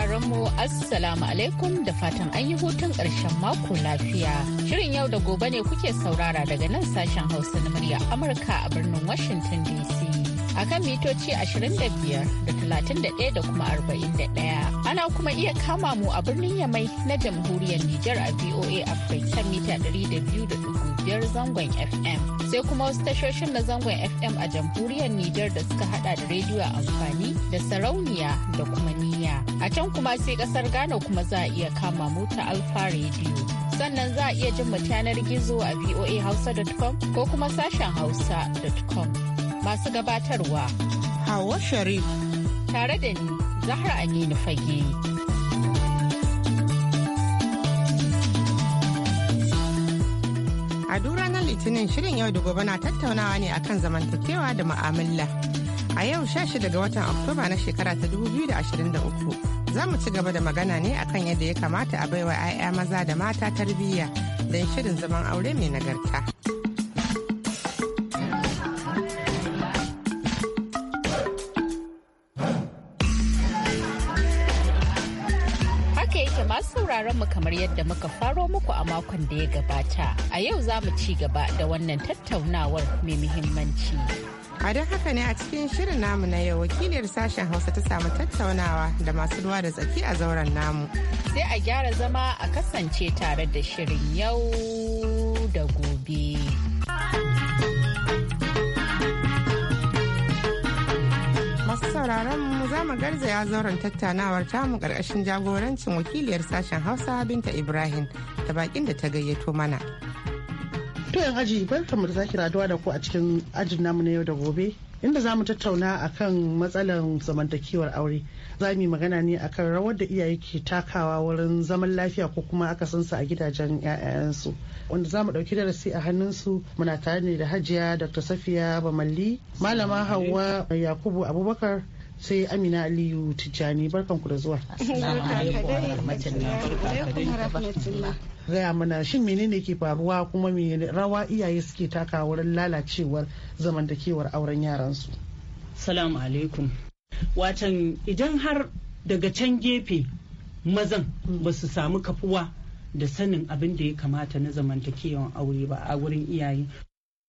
sauraron mu Assalamu alaikum da fatan an yi hutun ƙarshen mako lafiya. Shirin yau da gobe ne kuke saurara daga nan sashen Hausa na murya Amurka a birnin Washington DC. a kan mitoci 25 da 31 da kuma 41. Ana kuma iya kama mu a birnin Yamai na jamhuriyar Nijar a VOA Africa kan mita 200.5 zangon FM. Sai kuma wasu tashoshin na zangon FM a jamhuriyar Nijar da suka hada da rediyo amfani da sarauniya da kuma ni. A can kuma sai kasar Ghana kuma za a iya kama mota Alfa Radio. Sannan za a iya jin mu yanar gizo a voahausa.com ko kuma sashen hausa.com. Masu gabatarwa. Hawa Sharif. Tare da ni, Zahra Aminu Fage. A duk ranar Litinin shirin yau da gobe na tattaunawa ne akan zamantakewa da ma'amala. A yau 16 ga watan Oktoba na shekara ta 2023 za mu ci gaba da magana ne akan yadda ya kamata a baiwa 'ya'ya maza da mata tarbiyya don shirin zaman aure mai nagarta. mu kamar yadda muka faro muku a makon da ya gabata. A yau za mu ci gaba da wannan tattaunawar mai muhimmanci. A don haka ne a cikin shirin namu na yau wakiliyar sashen Hausa ta samu tattaunawa da masu ruwa da tsaki a zauren namu. Sai a gyara zama a kasance tare da shirin yau da gobe. Masu sauraron mu za mu garzaya zauren tattaunawar tamu karkashin jagorancin wakiliyar sashen Hausa Binta Ibrahim da bakin da ta gayyato mana. To yan aji barkamu da zaki raduwa da ku a cikin ajin namu na yau da gobe inda za mu tattauna kan matsalar zamantakewar aure. Za mu yi magana ne akan rawar da iyaye ke takawa wurin zaman lafiya ko kuma aka san su a gidajen 'ya'yansu. Wanda za mu ɗauki darasi a hannunsu muna tare ne da Hajiya Dr. Safiya Bamalli, Malama Hauwa Yakubu Abubakar sai amina aliyu tijjani barkanku da zuwa gaya mana shin menene ke faruwa kuma me rawa iyaye suke taka wurin lalacewar zamantakewar auren yaransu salamu alaikum watan idan har daga can gefe mazan mm. ba su samu kafuwa da sanin abin da ya kamata na zamantakewar aure ba a wurin iyaye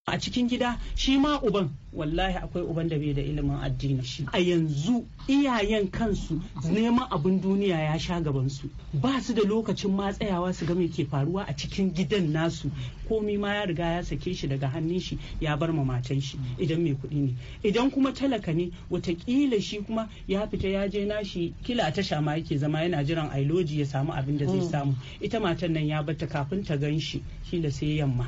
a cikin gida shi ma uban wallahi akwai uban da bai da ilimin addini shi a yanzu iyayen kansu neman abin duniya ya sha gaban su ba su da lokacin ma tsayawa su ga me ke faruwa a cikin gidan nasu komi ma ya riga ya sake shi daga hannun shi ya bar ma matan shi idan mai kuɗi ne idan kuma talaka ne watakila shi kuma ya fita ya je nashi kila a tasha ma yake zama yana jiran ailoji ya samu abin da zai mm. samu ita matan nan ya bata kafin ta gan shi kila sai yamma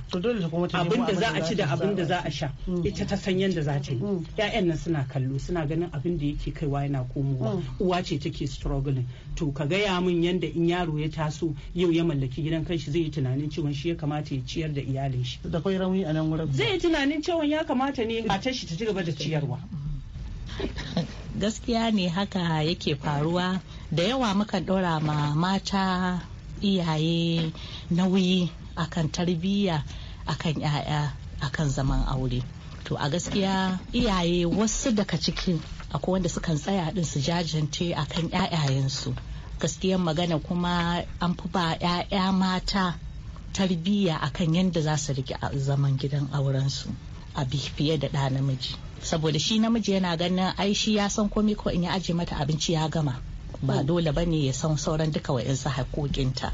abin da za a ci da abin da za a sha mm. ita ta san yadda za ta yi ƴaƴan mm. nan suna kallo suna ganin abin da yake kaiwa yana komowa mm. uwa ce take struggling to ka gaya mun yadda in yaro ya taso yau ya mallaki gidan kanshi zai yi tunanin cewa shi ya kamata ya ciyar da iyalin shi da kai rauni a nan wurin zai yi tunanin cewa ya kamata ne a tashi ta ci gaba da ciyarwa gaskiya ne haka yake faruwa da yawa mukan ɗora ma mata iyaye nauyi akan tarbiyya akan 'ya'ya akan zaman aure to a gaskiya iyaye wasu daga cikin akwai wanda sukan tsaya din su jajante akan ƴaƴayensu gaskiyan magana kuma an fi ba ƴaƴa mata tarbiyya akan yadda za su rike zaman gidan aurensu a fiye da ɗa namiji saboda shi namiji yana ganin ai shi ya san komai ko in ya aje mata abinci ya gama ba mm. dole bane ya san sauran duka wa'insu haƙoƙinta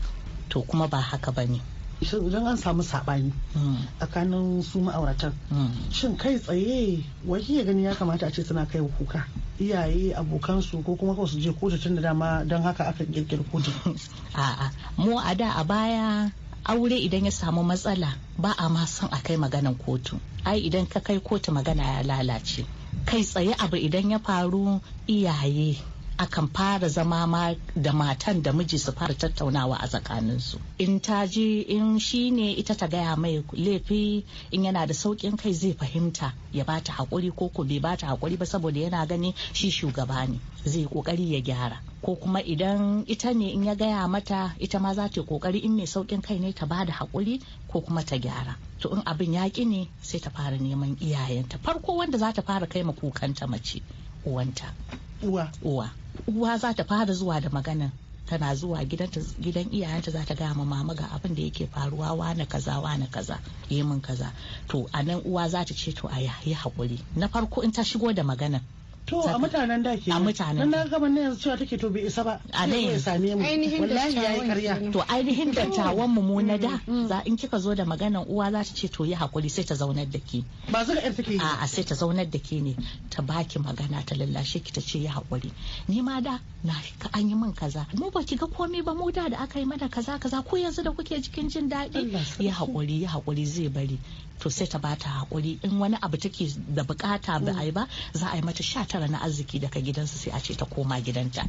to kuma ba haka bane idan an samu saɓani hmm. tsakanin su ma'auratan hmm. shin kai tsaye wai ya gani ya kamata a ce suna kai kuka iyaye abokansu ko kuma su je kotu tun da dama don haka aka kirkiri kotu a'a mu a da a baya aure idan ya samu matsala ba a ma son a kai maganan kotu ai idan ka kai kotu magana ya lalace kai tsaye abu idan ya faru iyaye akan fara zama ma da matan da miji su fara tattaunawa a tsakaninsu in ta ji in shi ne ita ta gaya mai laifi in yana da sauƙin kai zai fahimta ya ba ta haƙuri ko ko bai ta haƙuri ba saboda yana gani shi shugaba ne zai ƙoƙari ya gyara ko kuma idan ita ne in ya gaya mata ita ma za ta ƙoƙari in mai sauƙin kai ne ta ba da haƙuri ko kuma ta gyara to in abin yaƙi ne sai ta fara neman iyayenta farko wanda za ta fara kai ma kukanta mace uwanta uwa uwa uwa za ta fara zuwa da magana tana zuwa gidan iyayenta za ta gaya ma mama ga abin da yake faruwa wane kaza kaza yi min kaza to a nan uwa za ta ce to a yi hakuri na farko in ta shigo da magana To a mutanen da ke. A mutanen. Nan gaba ne yanzu cewa take to bai isa ba. A nan ya same mu. Wallahi yayi ƙarya. To ainihin dattawan mu mu na da mm, mm. za in kika zo da maganan uwa za ta ce to yi hakuri sai ta zaunar da ke. Ba zuga yar take. A'a sai ta zaunar da ke ne ta baki magana ta lallashe ki ta ce yi hakuri. Ni ma da na ka an yi min kaza. Mu ba ki ga komai ba mu da da aka yi mana kaza kaza ko yanzu da kuke cikin jin daɗi. Yi hakuri yi hakuri zai bari. to sai ta bata hakuri in wani abu take da bukata ba a yi ba za a yi mata sha tara na arziki daga gidansu sai a ce ta koma gidanta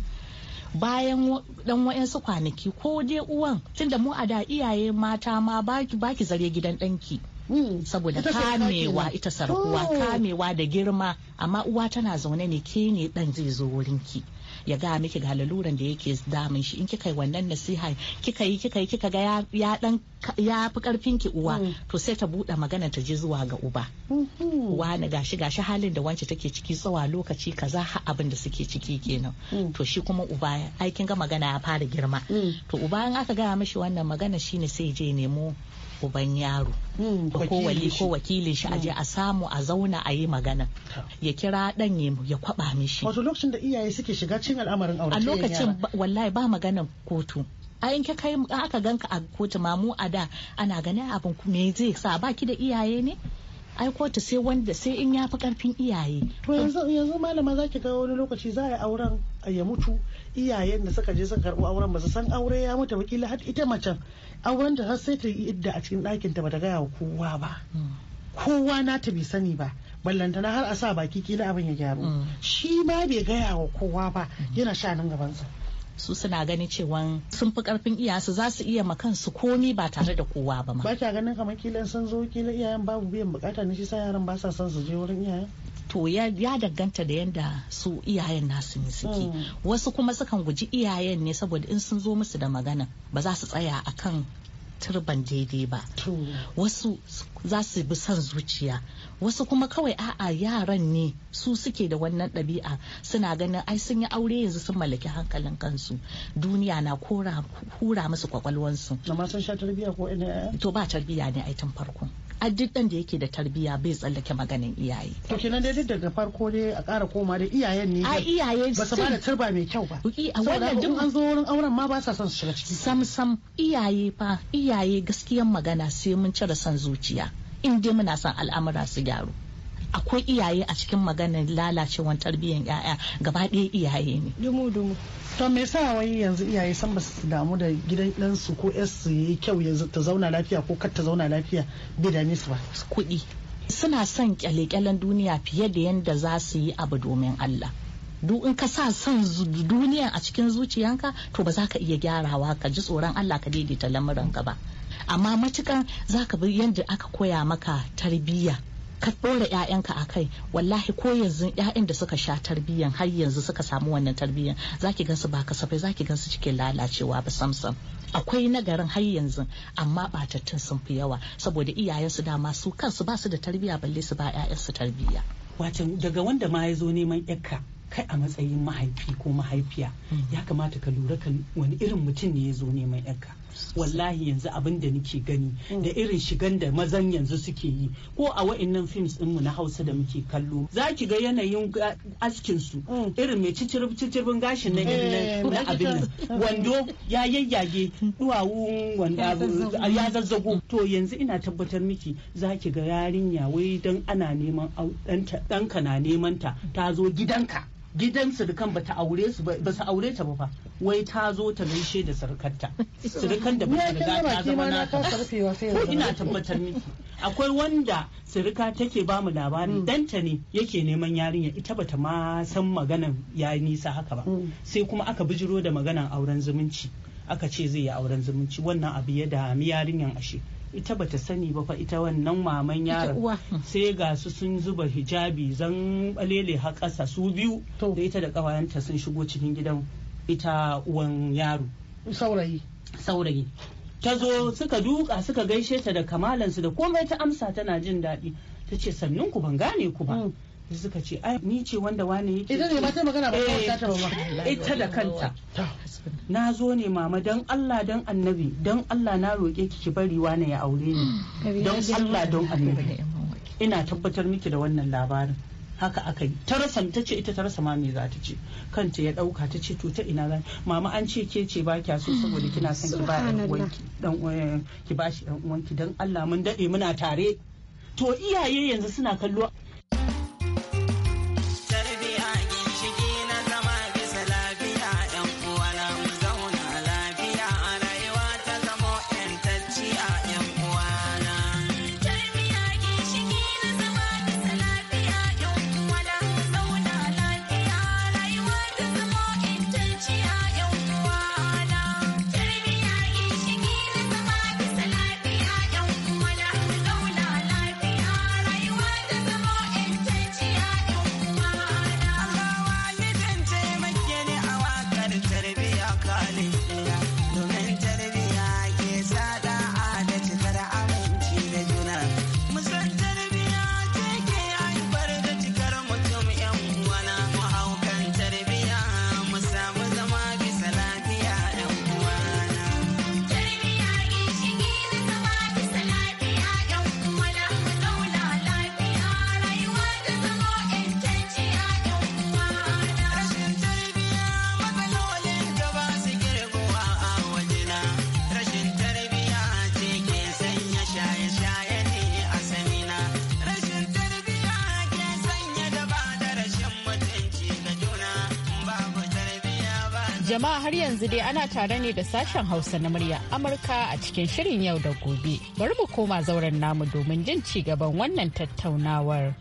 bayan dan wa'yansu kwanaki ko dai uwan tunda mu a da iyaye mata ma baki ki zare gidan danki hmm. saboda kamewa ita sarkuwa hmm. kamewa da girma amma uwa tana zaune ne ke ne dan zai zo wurinki ki ya ga miki ga laluran da yake damun shi in kika yi wannan nasiha kika yi kika yi kika ga ya dan ya fi karfin ki uwa mm. to sai ta buɗe magana ta je zuwa ga uba mm-hmm. na gashi gashi halin da wance take ciki tsawa lokaci kaza ha abin da suke ciki kenan mm. to shi kuma uba aikin ga magana ya fara girma mm. to uba in aka gaya mishi wannan magana shine sai je nemo uban yaro da hmm, ko ko wakilin shi aje a hmm. samu a zauna a yi magana ya kira dan ya kwaba mishi wato lokacin da iyaye suke shiga cikin al'amarin aure a lokacin wallahi ba maganan kotu a in ka kai aka ganka a kotu mamu a da ana ganin abin me zai sa baki da iyaye ne aiko ta sai wanda sai in ya fi karfin iyaye to yanzu malama zaki ga wani lokaci za a yi auren ya mutu iyayen da suka je suka karbo auren ba san aure ya mutu ba kila har ita macen auren da har sai ta yi idda a cikin ɗakin ta ba ta gaya wa kowa ba kowa na ta bai sani ba ballantana har a sa baki kila abin ya gyaru mm. shi ma bai gaya wa kowa ba yana sha nan gabansa su suna ganin cewa sun fi karfin su za su iya kansu komi ba tare da kowa ba ma. Ba ganin kamar kilan sun zo kila iyayen babu biyan bukata ne shi sa yaran ba sa son su je wurin iyayen. to ya danganta da yadda su iyayen nasu ne suke hmm. wasu kuma sukan guji iyayen ne saboda in sun zo musu da magana ba za su tsaya akan turban daidai ba wasu za su bi son zuciya wasu kuma kawai a'a yaran ne su suke da wannan ɗabi'a suna ganin ai sun yi aure yanzu sun mallaki hankalin kansu duniya na kora hura musu kwakwalwansu to ba tarbiyya ne ai tun farko a duk ɗan da yake da tarbiyya bai tsallake maganin iyaye to kenan dai daga farko dai a ƙara koma da iyayen ne a iyaye ba su bada turba mai kyau ba wannan duk an zo wurin auren ma ba sa son su shiga ciki sam sam iyaye fa iyaye gaskiyan magana sai mun cire son zuciya in dai muna son al'amura su gyaru akwai iyaye a cikin maganar lalacewar tarbiyyar yaya gaba ɗaya iyaye ne dumu dumu to me yasa wai yanzu iyaye san ba su damu da gidan ɗansu ko su yi kyau yanzu ta zauna lafiya ko kar ta zauna lafiya bai dame su ba kuɗi suna son kyale-kyalen duniya fiye da yadda za su yi abu domin Allah duk in ka sa son duniya a cikin zuciyanka to ba za ka iya gyarawa ka ji tsoron Allah ka daidaita lamuranka ba amma matukan za ka bi yadda aka koya maka tarbiyya ka ɗora 'ya'yanka a kai wallahi ko yanzu 'ya'yan da suka sha tarbiyyan har yanzu suka samu wannan tarbiyyan zaki gansu ba kasafai zaki gansu cikin lalacewa ba samsam akwai nagarin har yanzu amma batattun sun fi yawa saboda iyayensu dama su kansu ba su da tarbiyya balle su ba 'ya'yansu tarbiyya wato daga wanda ma ya zo neman ƴakka kai a matsayin mahaifi ko mahaifiya hmm. ya kamata ka lura kan wani irin mutum ne ya zo neman ƴakka. wallahi yanzu abin da nake gani mm. da irin shigan da mazan yanzu suke yi ko a wa'annan films mu na hausa da muke kallo za ki ga yanayin askin su mm. irin mai cicirib cicirbin gashin na eh, na abin nan wando mm. ya yayyage duwawun wanda ya zazzago to yanzu ina tabbatar miki za ki ga yarinya wai dan ana neman ɗanka na neman ta ta zo gidanka gidan sirikan bata aure su ba su aure ta ba fa wai ta zo ta gaishe da sarkarta surukan da bata riga ta zama na ina tabbatar miki akwai wanda sirika take ba mu labarin danta hmm. ne yake neman yarinya ita bata ma san maganan ya nisa haka ba hmm. sai kuma aka bijiro da maganan auren zumunci aka ce zai yi auren zumunci wannan abu ya dami yarinyan ashe ita bata sani ba fa ita wannan maman yaron sai ga su sun zuba hijabi zan balele har ƙasa su biyu da ita da ƙawayenta sun shigo cikin gidan ita uwan yaro saurayi saurayi ta zo suka duka suka gaishe ta da kamalansu da komai ta amsa tana jin daɗi ta ce ku ban gane ku ba mm. suka ce ai ni ce wanda wane yake ita ba ta magana ba ta eh, ba ita da kanta na zo ne mama dan Allah dan annabi dan Allah na roke ki ki bari wane ya aure ni dan Allah dan annabi ina tabbatar miki da wannan labarin haka aka yi ta rasa ta ce ita ta rasa ma me za ta ce kanta ya dauka ta ce to ta ina za mama an ce ke ce ba kya so saboda kina son ki ba dan dan eh, ki bashi dan uwanki dan Allah mun dade muna tare to iyaye yanzu suna kallo Jama'a har yanzu dai ana tare ne da sashen Hausa na murya Amurka a cikin shirin yau da gobe. Bari mu koma zauren namu domin jin ci gaban wannan tattaunawar.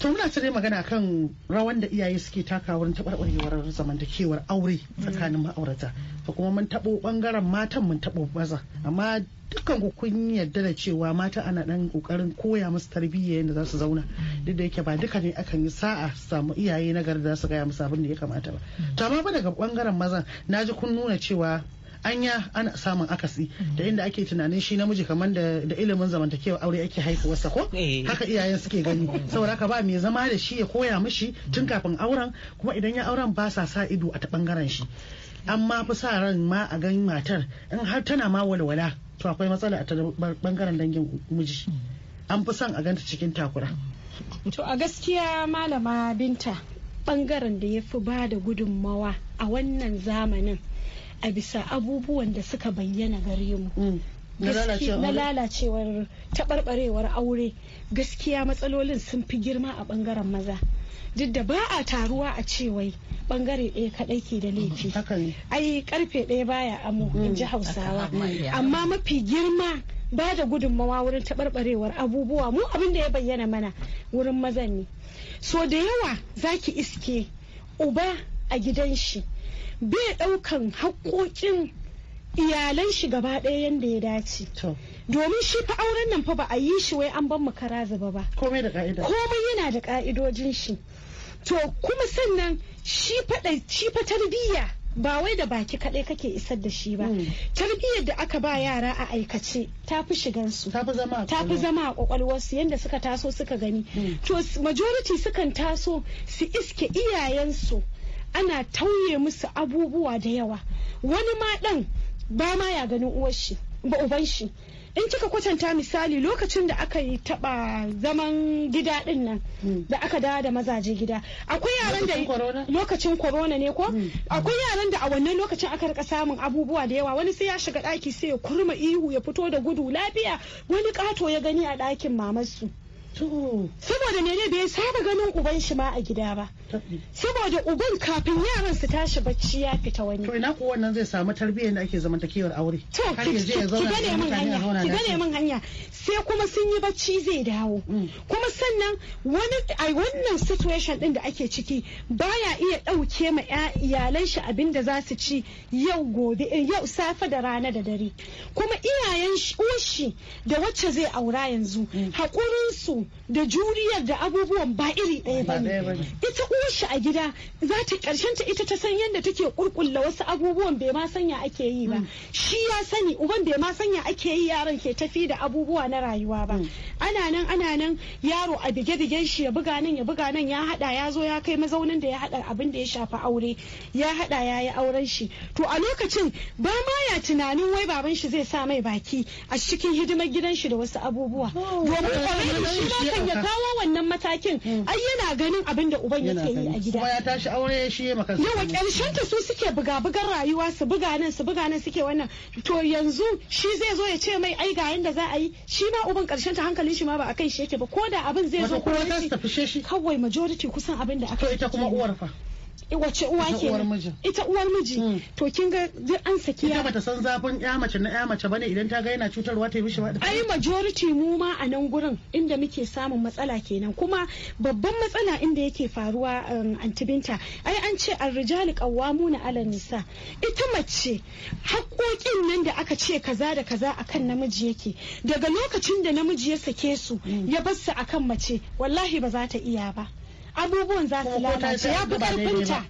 To muna ta magana kan rawan da iyaye suke taka wurin taɓarɓarewar zamantakewar aure tsakanin ma'aurata. to kuma mun taɓo ɓangaren matan mun taɓo maza amma dukkan ku kun yarda da cewa mata ana ɗan kokarin koya musu tarbiyya yadda za su zauna duk da yake ba duka ne akan yi sa'a samu iyaye na gari da su gaya musu abin da ya kamata ba to amma ba daga ɓangaren mazan na ji kun nuna cewa anya ana samun akasi da inda ake tunanin shi namiji kamar da ilimin zamantakewa aure ake haifuwarsa ko eh. haka iyayen suke gani saboda haka ba mai zama da shi ya koya mishi tun kafin auren kuma idan ya auren ba sa sa ido a ta bangaren shi an ma fi sa ran ma a gan matar in har tana ma walwala to akwai matsala a bangaren dangin miji an fi son a ganta cikin takura to a gaskiya malama binta bangaren da ya fi ba da gudunmawa a wannan zamanin a bisa abubuwan da suka bayyana gare mu mm. na lalacewar taɓarɓarewar aure gaskiya matsalolin sun fi girma a ɓangaren maza duk da ba a taruwa a cewai bangare ɗaya kaɗai ke da laifi ai karfe ɗaya baya mu mm. in ji hausawa amma mafi girma ba da gudunmawa wurin taɓarɓarewar abubuwa mu abin da ya bayyana mana wurin mazan ne so da yawa zaki iske uba a gidan shi bai ɗaukan haƙoƙin iyalan shi gaba ɗaya yanda ya dace domin shi fa auren nan fa ba a yi shi wai an ban makara zaba ba komai da ka'ida komai yana da ka'idojin shi to kuma sannan shi fa shi fa tarbiyya ba wai da baki kaɗai kake isar da shi ba hmm. tarbiyyar da aka ba yara a aikace ta fi su. ta fi zama a ƙwaƙwalwarsu yadda suka taso suka gani hmm. to majority sukan taso su iske iyayensu ana tauye musu abubuwa da yawa wani ma ɗan ba ma ya ganin uwar shi ba uban shi in kika kwatanta misali lokacin da aka yi taba zaman gida din nan hmm. da aka dawo da mazaje gida akwai yaran da lokacin corona ne ko hmm. akwai yaran da a wannan lokacin aka rika samun abubuwa da yawa wani sai ya shiga daki sai ya kurma ihu ya fito da gudu lafiya wani kato ya gani a dakin mamarsu saboda mene bai saba ganin uban shi ma a gida ba saboda uban kafin yaran su tashi bacci ya fita wani to ina kuwa wannan zai samu tarbiyyar da ake zamantakewar aure to ki gane min hanya ki gane min hanya sai kuma sun yi bacci zai dawo mm. kuma sannan wani ai wannan situation din da ake ciki baya iya dauke ma iyalan shi abin da za su ci yau gobe eh, yau safe da rana da dare kuma iyayen shi da wacce zai aura yanzu mm. hakurin su da juriyar da abubuwan ba iri ɗaya ba ne ita uwarshi a gida za ta ƙarshen ta ita ta san yadda take ƙulƙulla wasu abubuwan bai ma sanya ake yi ba mm. shi ya sani uban bai ma sanya ake yi yaron ke tafi da abubuwa na rayuwa ba mm. ana nan ana nan yaro a bige bigen shi ya buga nan ya buga nan ya haɗa ya zo ya kai mazaunin da ya haɗa abin da ya shafi aure ya haɗa ya yi auren shi to a lokacin ba ma ya tunanin wai baban shi zai sa mai baki a cikin hidimar gidan shi da wasu abubuwa oh. domin kan ya kawo wannan matakin hmm. ai yana ganin abin da uban yake yi a gida. ya tashi aure shi ya makasa. Yawa ƙarshen ta su suke buga bugar rayuwa su buga nan su buga nan suke wannan to yanzu shi zai zo ya ce mai ai ga yanda za a yi shi ma uban ƙarshen ta hankalin shi ma ba a kai shi yake ba ko da abin zai zo ko kawai majority kusan abin da aka. To ita kuma uwar fa. wace uwa ke ita uwar miji hmm. to kin ga duk an saki ya bata san zafin ya mace na ya mace bane idan ta ga yana cutarwa ta yi mishi ba ai majority mu ma a nan gurin inda muke samun matsala kenan kuma babban matsala inda yake faruwa um, antibinta ai an ce arrijali qawwamuna ala nisa ita mace haƙoƙin nan da aka ce kaza da kaza akan namiji yake daga lokacin da namiji ya sake su hmm. ya bar su akan mace wallahi ba za ta iya ba abubuwan za su lalace ya fi karfinta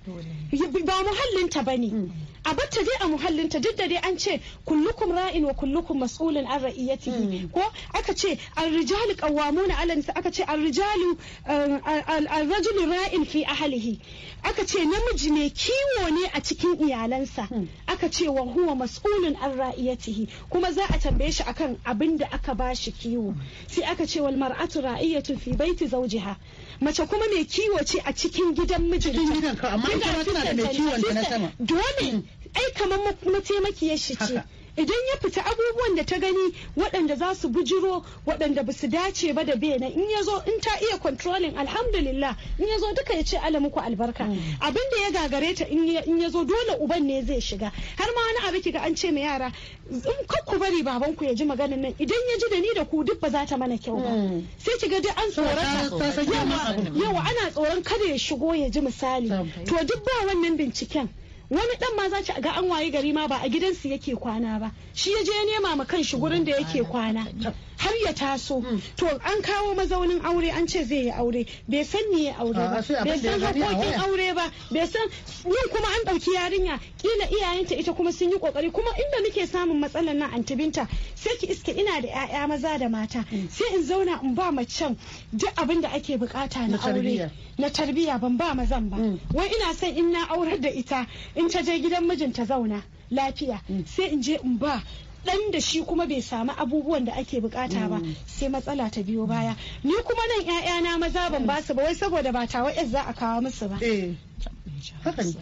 ba muhallinta ba ne hmm. a bacce dai a muhallinta duk da dai an ce kullukum ra'in wa kullukum mas'ulun an ra'iyatihi hmm. ko aka ce ar-rijalu qawwamuna 'ala nisa aka ce ar-rijalu um, ar-rajulu ra'in fi ahlihi aka ce namiji ne kiwo ne a cikin iyalansa hmm. aka ce wa huwa mas'ulun an ra'iyatihi kuma za a tambaye shi akan abin da aka bashi kiwo sai aka ce wal mar'atu ra'iyatun fi baiti zawjiha mace kuma mai kiwo ce a cikin gidan mijinta hmm. dole ai kamar mataimakiyar shi ce idan ya fita abubuwan da ta gani waɗanda za su bujiro waɗanda ba su dace ba da bena in ya zo in ta iya controlling alhamdulillah in ya zo duka ya ce ala muku albarka mm. abin da ya gagare ta in ya zo dole uban ne zai shiga har ma wani abu kiga an ce ma yara in ku bari baban ya ji maganin nan idan ya ji da ni da ku duk ba za ta mana kyau ba mm. sai kiga duk an tsorata yawa ana tsoron kada ya shigo ya ji misali to duk ba wannan binciken wani dan ma za ki ga an waye gari ma ba a su yake kwana ba shi ya je nema ma kanshi gurin da yake kwana har ya taso mm. to an kawo mazaunin aure an ce zai yi aure bai san ni ya aure ba bai san hakokin aure ba bai san ni kuma an dauki yarinya kila iyayenta ita kuma sun yi kokari kuma inda muke samun matsalar nan antibinta sai ki iske ina da yaya maza da mata mm. sai in zauna in ba macen duk abin da ake bukata na aure na tarbiya ban ba mazan ba mm. wai ina son in na aurar da ita in ta je gidan mijinta ta zauna lafiya mm. sai in je in ba dan da shi kuma bai samu abubuwan da ake bukata ba mm. sai matsala ta biyo baya ni kuma nan 'ya'yana maza ban mm. basu ba wai saboda ba tawa za a kawo musu ba eh.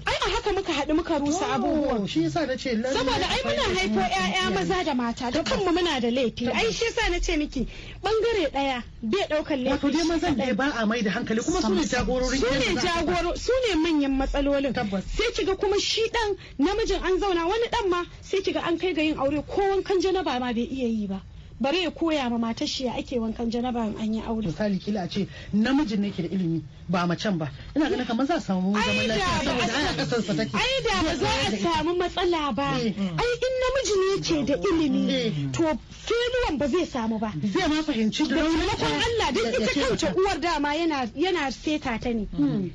ai a haka muka haɗu muka rusa abubuwan shi yasa na ce saboda ai muna haifo ƴaƴa maza da mata da kanmu muna da laifi ai shi yasa na ce miki bangare ɗaya bai ɗaukar laifi wato dai mazan da ba a mai da hankali kuma su ne jagororin su ne jagoro su ne manyan matsalolin sai kiga kuma shi ɗan namijin an zauna wani ɗan ma sai kiga an kai ga yin aure ko wankan janaba ma bai iya yi ba bari ya koya ma matar shi ya ake wankan janaba in an yi aure misali kila a ce namijin ne ke da ilimi ba macen ba ina ganin kamar za a samu zaman lafiya saboda ana kasar sa take ai da ba za a samu matsala ba ai in namiji ne ke da ilimi to filin ba zai samu ba zai ma fahimci da taimakon Allah dan ita kanta uwar dama yana yana seta ta ne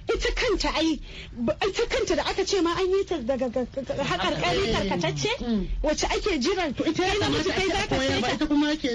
ita kanta ai ita kanta da aka ce ma an yi ta daga haƙarƙari karkatacce wacce ake jiran to ita namiji kai za ka seta to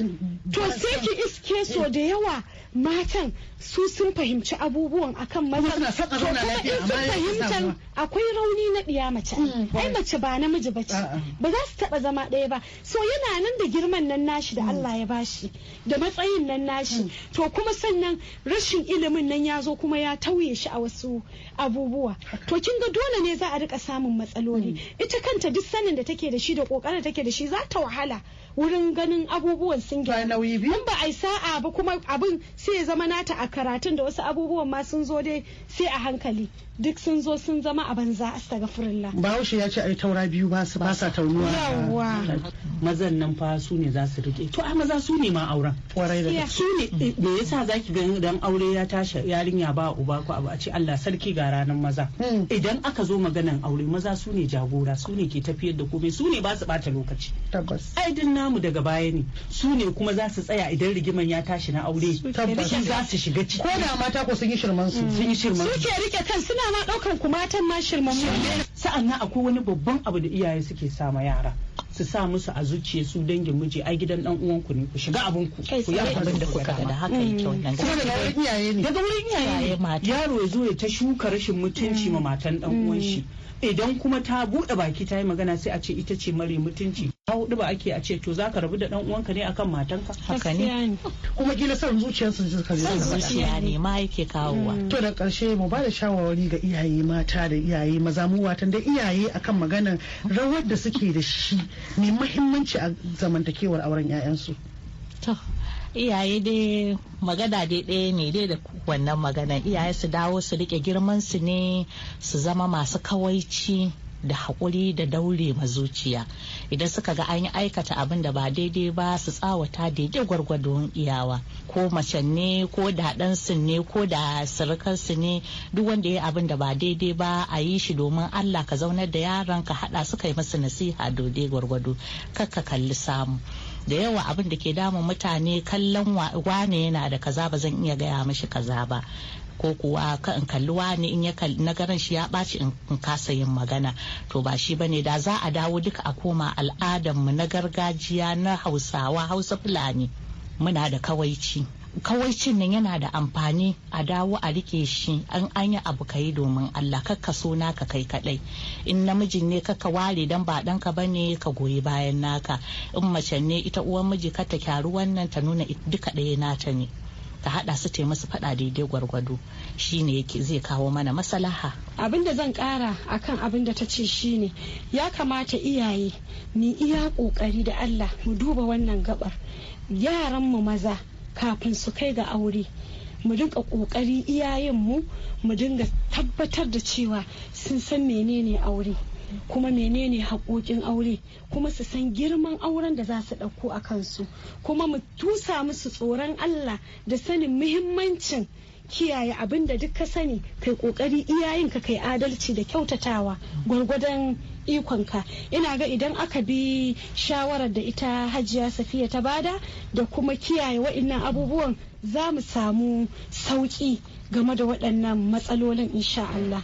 sai ki iske so eh. da yawa matan su sun fahimci abubuwan akan maza to kuma in sun fahimci akwai rauni na ɗiya mace hmm, ai mace ba namiji ba ce ba za su taba zama ɗaya ba so yana nan da girman nan nashi da hmm. Allah ya bashi da matsayin nan nashi hmm. to kuma sannan rashin ilimin nan ya zo kuma ya tauye shi a wasu abubuwa to kin ga dole ne za a rika samun matsaloli ita kanta duk sanin da take da shi da kokarin da take da shi za ta wahala wurin ganin abubuwan sun gina ba a ba sa'a ba kuma abin sai ya zama nata a karatun da wasu abubuwan ma sun zo dai sai a hankali duk sun zo sun zama a banza astagfirullah bahaushe ya ce ai taura biyu ba su ba sa taunuwa yawa mazan nan fa su ne za su rike to a maza su ne ma auren kwarai da su ne eh, me yasa zaki ga dan aure ya tashi yarinya ba uba ko abu a ce Allah sarki ga ranar maza hmm. idan aka zo maganan aure maza su ne jagora su ne ke tafiyar da komai su ne ba su bata lokaci tabbas ai din namu daga baya ne su ne kuma za su tsaya idan rigiman ya tashi na aure tabbas za su shiga ciki ko da mata ko sun yi shirman su sun yi shirman su ke rike kan suna ana ma daukan ku matan ma shirmamu sa'annan akwai wani babban abu da iyaye suke sama yara su sa musu a zuciya su dangin miji ai gidan dan uwan ku ne ku shiga abin ku ku yi abin da kuka da haka yake wannan kuma daga wurin iyaye ne daga wurin iyaye ne yaro ya zo ya ta shuka rashin mutunci ma matan dan uwan shi idan kuma ta buɗe baki ta yi magana sai a ce ita ce mare mutunci ta hudu ba ake a ce to za ka rabu da dan uwanka ne akan matanka haka ne kuma kila su zuciyarsu suka zai zuciya ne ma yake kawowa mm. to da karshe mu ba da shawarwari ga iyaye mata da iyaye maza mu watan da iyaye akan maganar rawar da suke da shi ne muhimmanci a zamantakewar auren 'ya'yansu. iyaye dai magana dai ɗaya ne dai da wannan magana iyaye su dawo su rike girman su ne su zama masu kawaici da haƙuri da daure ma zuciya idan suka ga an yi aikata abin da ba daidai ba su tsawata daidai gwargwadon iyawa ko macen ne ko da ne ko da surukansu ne duk wanda ya yi abin da ba daidai ba a yi shi domin allah ka zaunar da yaran ka haɗa suka yi masu nasiha daidai gwargwado kakka kalli samu da yawa abin da ke damun mutane kallon wane yana da kaza ba zan iya gaya mashi kaza ba ko kuwa ka in kalli wane in ya na garin shi ya ɓaci in kasa yin magana to ba shi bane da za a dawo duka a koma al'adarmu na gargajiya na hausawa hausa fulani muna da kawaici kawai cin nan yana da amfani a dawo a rike shi an an abu ka yi domin Allah kakka so naka kai kadai in namijin ne kakka ware dan ba danka bane ka goyi bayan naka in mace ne ita uwan miji ka ta kyaru wannan ta nuna duka ɗaya nata ne ta hada su ta masu fada daidai gwargwado shine yake zai kawo mana masalaha abin da zan kara akan abin da ta ce shine ya kamata iyaye ni iya kokari da Allah mu duba wannan gabar yaran mu maza kafin su kai ga aure mu dinga kokari iyayenmu mu mu dinga tabbatar da cewa sun san menene aure kuma menene haƙoƙin aure kuma su san girman auren da za su ɗauko a kansu kuma mu tusa musu tsoron Allah da sanin muhimmancin kiyaye abinda da duk ka sani kai ƙoƙari iyayen ka kai adalci da kyautatawa gwargwadon ikonka ina ga idan aka bi shawarar da ita hajiya safiya ta bada da kuma kiyaye wa'innan abubuwan za mu samu sauki game da waɗannan matsalolin insha Allah.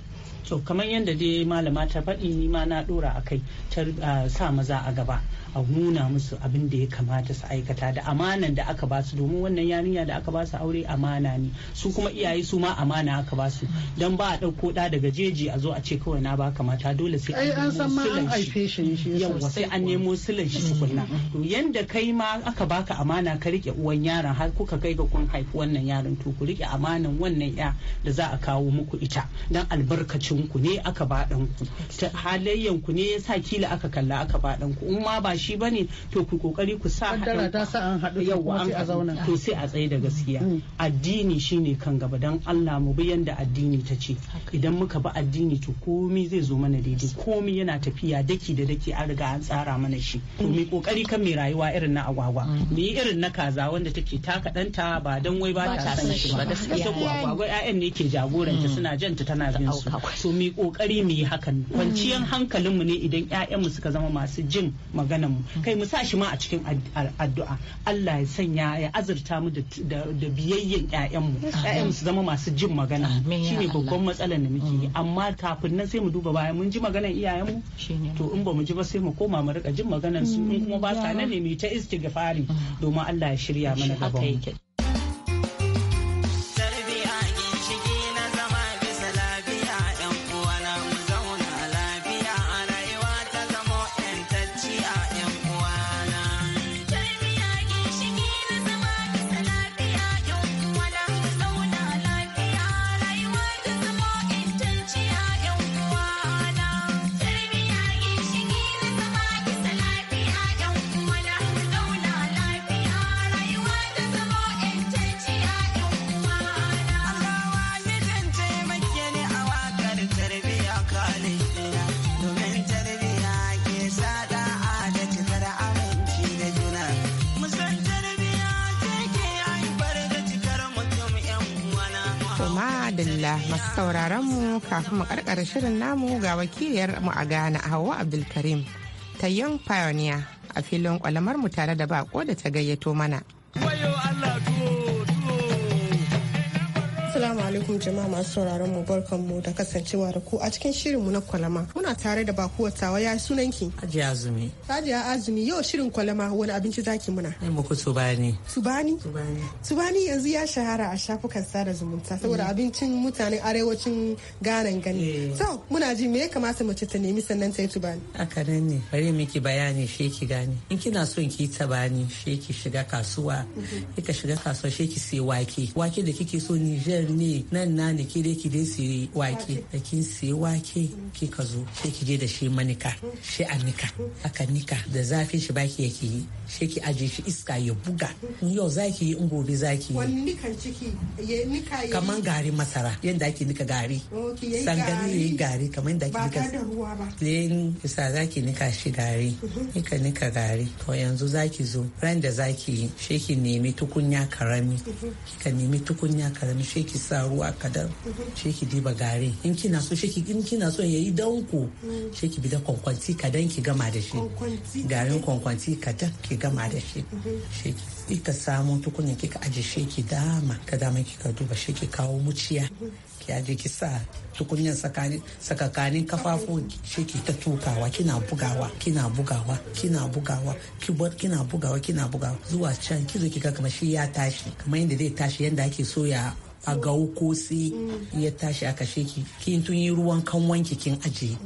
to kamar yadda dai malama ta faɗi ni ma na ɗora a kai ta ah, sa maza a gaba a nuna musu abin da ya kamata su aikata da amanan da aka basu domin wannan yarinya da aka basu aure amana ne su kuma iyaye su ma amana aka basu dan ba a dauko da daga jeji a zo a ce kawai na ba mata dole sai an nemo silan shi yawa sai an nemo silan shi tukunna to yanda kai ma aka baka amana ka rike uwan yaron har kuka kai ga kun haifi wannan yaron to ku rike amanan wannan ya da za a kawo muku ita dan albarkacin ku ne aka ba ɗan ku halayyan ku ne yasa kila aka kalla aka ba ɗan ku in ma ba shi ne to ku kokari ku sa haɗin ta sa an an a to sai a tsaye da gaskiya mm. addini shine kan gaba dan Allah mu bi yanda addini ta ce idan muka bi addini to komi zai zo mana daidai komi yana tafiya daki da daki an riga an tsara mana shi to mai kokari kan mai rayuwa irin na agwagwa mm. muyi irin na kaza wanda take taka ɗanta ba dan wai ba ta san shi ba gaskiya agwagwa ƴaƴan ne ke jagoranta mm. suna janta tana bin su to mai kokari mu yi hakan kwanciyan mu ne idan mu suka zama masu jin magana mu kai mu sa shi ma a cikin addu'a Allah ya sanya ya azurta mu da biyayyen ƴaƴan mu su zama masu jin magana shine babban matsalar da muke yi mm. amma kafin nan sai mu duba bayan mun ji maganar mu to in ba mu ji ba sai mu koma mu rika jin maganar su in kuma ba sa mm, nan ne mu ta istighfari mm. domin Allah ya shirya mana gaba mu masu sauraron mu kafin mu karkara shirin namu ga wakiliyar mu a Ghana Hauwa Abdulkarim ta Young Pioneer a filin kwalamar mu tare da bako da ta gayyato mana. Assalamu alaikum jama'a masu sauraron mu barkan mu da kasancewa da ku a cikin shirin mu na kwalama. Muna tare da bakuwar tawa ya sunanki. Hajiya Azumi. Hajiya Azumi yau shirin kwalama wani abinci zaki muna. Ai muku tubani. Tubani? Tubani. Tubani yanzu ya shahara a shafukan sada zumunta saboda mm. abincin mutanen arewacin Ghana gani. So eh. muna ji me ya kamata mace ta nemi sannan ta yi tubani. Haka nan ne. Bari miki bayani shi ki gane. In kina son ki tabani shi ki shiga kasuwa. Mhm. Kika shiga kasuwa shi ki sai wake. Wake da kike so Niger ne nan na ne ke dai ki dai siye wake da kin siye wake ki ka zo sai ki je da shi manika shi a nika aka nika da zafin shi baki yake yi shi ki aje shi iska ya buga in yau zaki yi in gobe zaki yi wani nikan ciki ya nika ya kaman gari masara yanda ake nika gari Sangari ya yi gari kaman yanda ake nika ba da ruwa ba len isa zaki nika shi gari mhm. nika nika gari to yanzu zaki zo ran da zaki yi shi ki nemi tukunya karami mhm. Ki ka nemi tukunya karami shi ki sa ruwa kadan shi ki diba gari in kina so shi ki in kina so yayi danko shi ki bi da kwankwanti kadan ki gama da shi garin kwankwanti kadan ki gama da shi mhm. shi kika samu tukunya kika aje shi ki dama ka dama kika duba shi ki kawo muciya ki aje ki sa tukunin sakakanin kafafun shi ki ta tukawa kina bugawa kina bugawa kina bugawa keyboard kina bugawa kina bugawa zuwa can kizo ga kamar shi ya tashi kamar yadda zai tashi yadda ake soya a gawo sai ya tashi a kashe ki kin tun yi ruwan kan wanki kin aje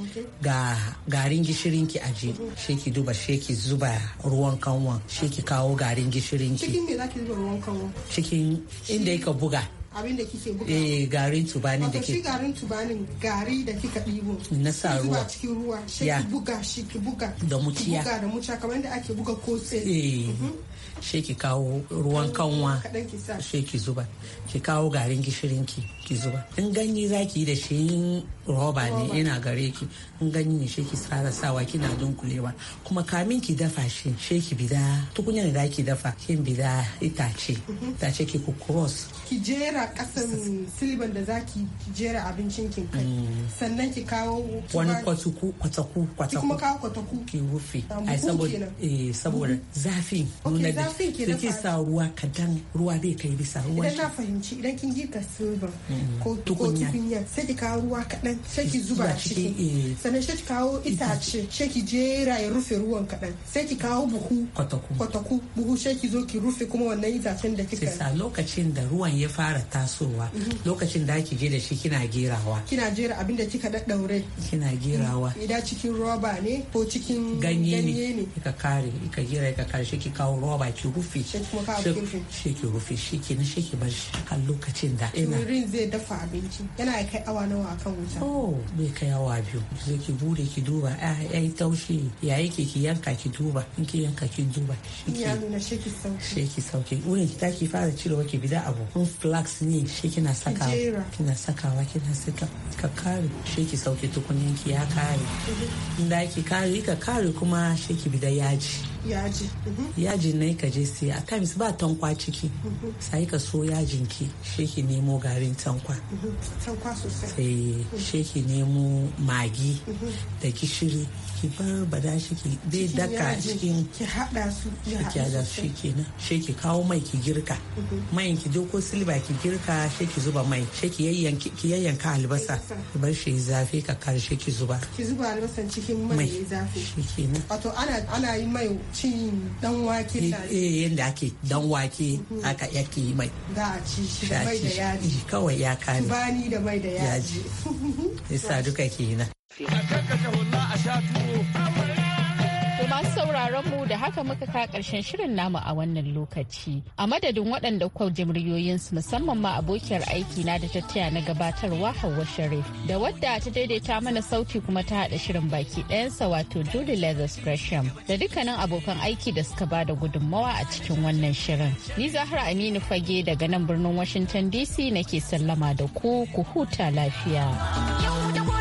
ga garin gishirin ki aje she ki duba she ki zuba ruwan kanwan she ki kawo garin gishirin ki cikin me zaki zuba ruwan kanwan cikin inda yake buga abin da kike buga eh garin tubanin da ke shi garin tubanin gari da kika dibo na sa ruwa cikin ruwa shi ki buga shi ki buga da muciya ki buga da muciya kamar yadda ake buga kotse eh mhm. shi ki kawo ruwan kanwa shi ki zuba ki kawo garin gishirin ki ki zuba in ganye zaki yi da shi roba ne yana gare ki in gani ne sheki fara sawa kina dunkulewa kuma kamin ki dafa shi sheki bida tukunya ne da ki dafa kin bida itace mhm. itace ki ku cross ki jera kasan silban da zaki jera abincin kin mm. sannan ki kawo wani kwatuku kwataku kwataku kuma kawo kwataku ki rufe ai saboda eh saboda mhm. zafi nuna da ki sa ruwa kadan ruwa bai kai bisa ruwa idan na fahimci idan kin girka silban mm. ko tukunya sai ki kawo ruwa kadan kaɗan sai ki zuba ciki eh. sannan sai ki kawo itace sai ki jera ya rufe ruwan kaɗan sai ki kawo buhu kwataku buhu sai ki zo ki rufe kuma wannan itacen da kika sa lokacin da ruwan ya fara tasowa mhm. lokacin da ki je da shi kina gerawa kina jera abin da kika daddaure kina gerawa mm. idan cikin roba ne ko cikin ganye ne kika kare kika gera kika kare shi ki kawo roba ki rufe shi ki rufe shi ki ne shi ki bar shi kan lokacin da ina zai dafa abinci yana kai awa nawa akan wuta to oh, bai kai awa biyu zai ki bude ki duba ah, ya yi taushi ya yi ki yanka ki duba in ki yanka ki duba shi ki sauki shi ki sauki wurin ki taki fara cirewa ki bida abu kun flax ne shi kina sakawa kina wa kina saka ka kare shi ki sauki tukunin ki ya kare mhm. inda da ki kare ka kare kuma shi ki bida yaji yaji mhm. yaji na ka je siya a times ba tankwa ciki mhm. sai ka so yajin ki sheki nemo garin tankwa mhm. tankwa sosai eh, sheki nemo magi da gishiri ki bar bada shi ki dai daka cikin ki hada su ki hada shi kenan sheki kawo mai ki girka mai ki je ko silba ki girka sheki zuba mai sheki yayyanki ki yayyanka albasa ki bar shi zafi ka kar sheki zuba ki zuba albasan cikin mai zafi na wato ana ana yi mai dan wake tare eh, eh yanda ake dan wake mhm. aka yake yi mai za a ci shi da mai da yaji eh, kawai ya kani bani da mai da yaji yasa duka kenan a kakkashe hulla a sha tuwo To masu sauraron mu da haka muka ka karshen shirin namu a wannan lokaci. A madadin waɗanda kwa su musamman ma abokiyar aiki na da tattaya na gabatarwa Hauwa Sharif da wadda ta daidaita mana sauti kuma ta haɗa shirin baki ɗayansa wato Julie Leathers Gresham da dukkanin abokan aiki da suka ba da gudunmawa a cikin wannan shirin. Ni Zahra Aminu Fage daga nan birnin Washington DC nake sallama da ku ku huta lafiya. Yo,